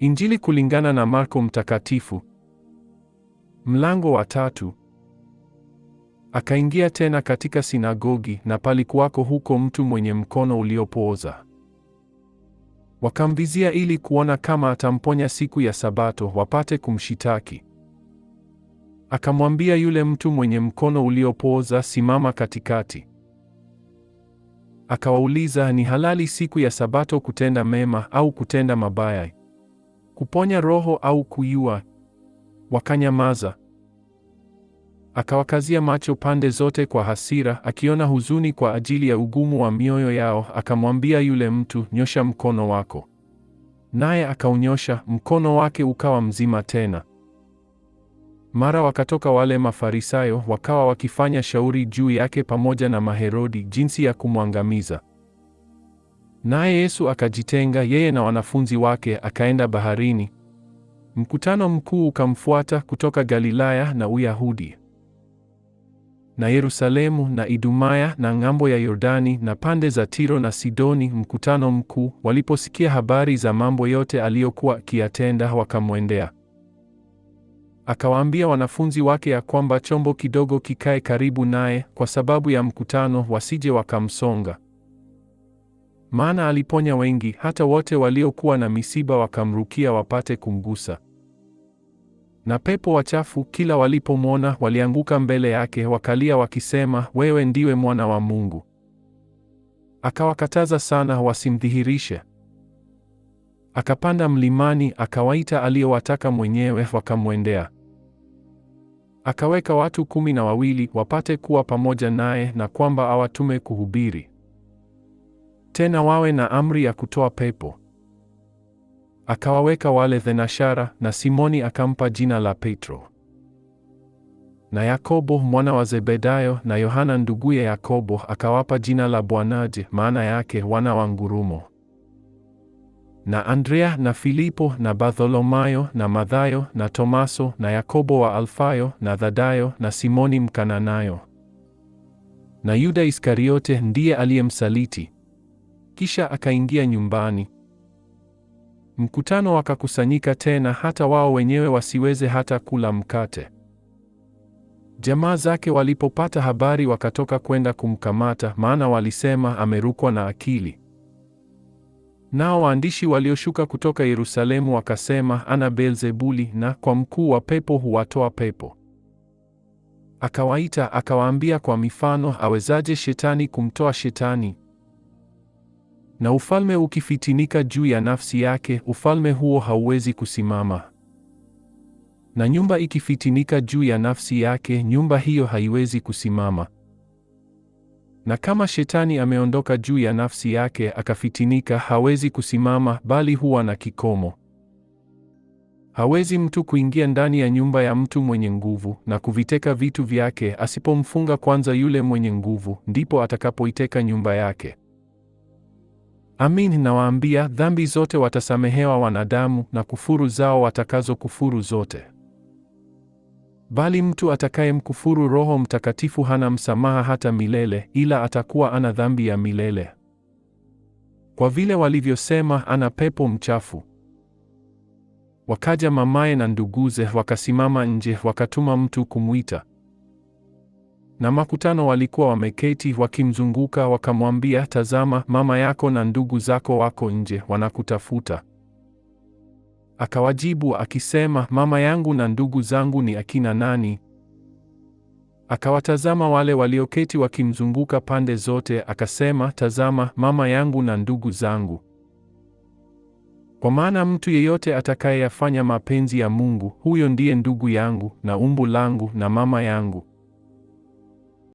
Injili kulingana na Marko Mtakatifu, mlango wa tatu. Akaingia tena katika sinagogi, na palikuwako huko mtu mwenye mkono uliopooza. Wakamvizia ili kuona kama atamponya siku ya Sabato, wapate kumshitaki. Akamwambia yule mtu mwenye mkono uliopooza, simama katikati. Akawauliza, ni halali siku ya Sabato kutenda mema au kutenda mabaya? kuponya roho au kuiua. Wakanyamaza. Akawakazia macho pande zote kwa hasira, akiona huzuni kwa ajili ya ugumu wa mioyo yao, akamwambia yule mtu, nyosha mkono wako. Naye akaunyosha, mkono wake ukawa mzima tena. Mara wakatoka wale Mafarisayo, wakawa wakifanya shauri juu yake pamoja na Maherodi, jinsi ya kumwangamiza. Naye Yesu akajitenga yeye na wanafunzi wake, akaenda baharini. Mkutano mkuu ukamfuata kutoka Galilaya na Uyahudi na Yerusalemu na Idumaya na ng'ambo ya Yordani na pande za Tiro na Sidoni. Mkutano mkuu waliposikia habari za mambo yote aliyokuwa akiyatenda, wakamwendea. Akawaambia wanafunzi wake ya kwamba chombo kidogo kikae karibu naye, kwa sababu ya mkutano, wasije wakamsonga maana aliponya wengi, hata wote waliokuwa na misiba wakamrukia wapate kumgusa. Na pepo wachafu kila walipomwona walianguka mbele yake, wakalia wakisema, wewe ndiwe mwana wa Mungu. Akawakataza sana wasimdhihirishe. Akapanda mlimani, akawaita aliyowataka mwenyewe, wakamwendea. Akaweka watu kumi na wawili wapate kuwa pamoja naye, na kwamba awatume kuhubiri tena wawe na amri ya kutoa pepo. Akawaweka wale thenashara, na Simoni akampa jina la Petro, na Yakobo mwana wa Zebedayo, na Yohana nduguye Yakobo, akawapa jina la Bwanaje, maana yake wana wa ngurumo, na Andrea na Filipo na Bartholomayo na Mathayo na Tomaso na Yakobo wa Alfayo na Thadayo na Simoni Mkananayo na Yuda Iskariote ndiye aliyemsaliti kisha akaingia nyumbani. Mkutano wakakusanyika tena, hata wao wenyewe wasiweze hata kula mkate. Jamaa zake walipopata habari, wakatoka kwenda kumkamata, maana walisema amerukwa na akili. Nao waandishi walioshuka kutoka Yerusalemu wakasema ana Beelzebuli, na kwa mkuu wa pepo huwatoa pepo. Akawaita akawaambia kwa mifano, awezaje shetani kumtoa shetani? na ufalme ukifitinika juu ya nafsi yake, ufalme huo hauwezi kusimama. Na nyumba ikifitinika juu ya nafsi yake, nyumba hiyo haiwezi kusimama. Na kama shetani ameondoka juu ya nafsi yake akafitinika, hawezi kusimama, bali huwa na kikomo. Hawezi mtu kuingia ndani ya nyumba ya mtu mwenye nguvu na kuviteka vitu vyake, asipomfunga kwanza yule mwenye nguvu, ndipo atakapoiteka nyumba yake. Amin, nawaambia dhambi zote watasamehewa wanadamu, na kufuru zao watakazokufuru zote, bali mtu atakayemkufuru Roho Mtakatifu hana msamaha hata milele, ila atakuwa ana dhambi ya milele, kwa vile walivyosema ana pepo mchafu. Wakaja mamaye na nduguze, wakasimama nje, wakatuma mtu kumwita na makutano walikuwa wameketi wakimzunguka, wakamwambia, tazama, mama yako na ndugu zako wako nje wanakutafuta. Akawajibu akisema, mama yangu na ndugu zangu ni akina nani? Akawatazama wale walioketi wakimzunguka pande zote, akasema, tazama, mama yangu na ndugu zangu. Kwa maana mtu yeyote atakayeyafanya mapenzi ya Mungu, huyo ndiye ndugu yangu na umbu langu na mama yangu.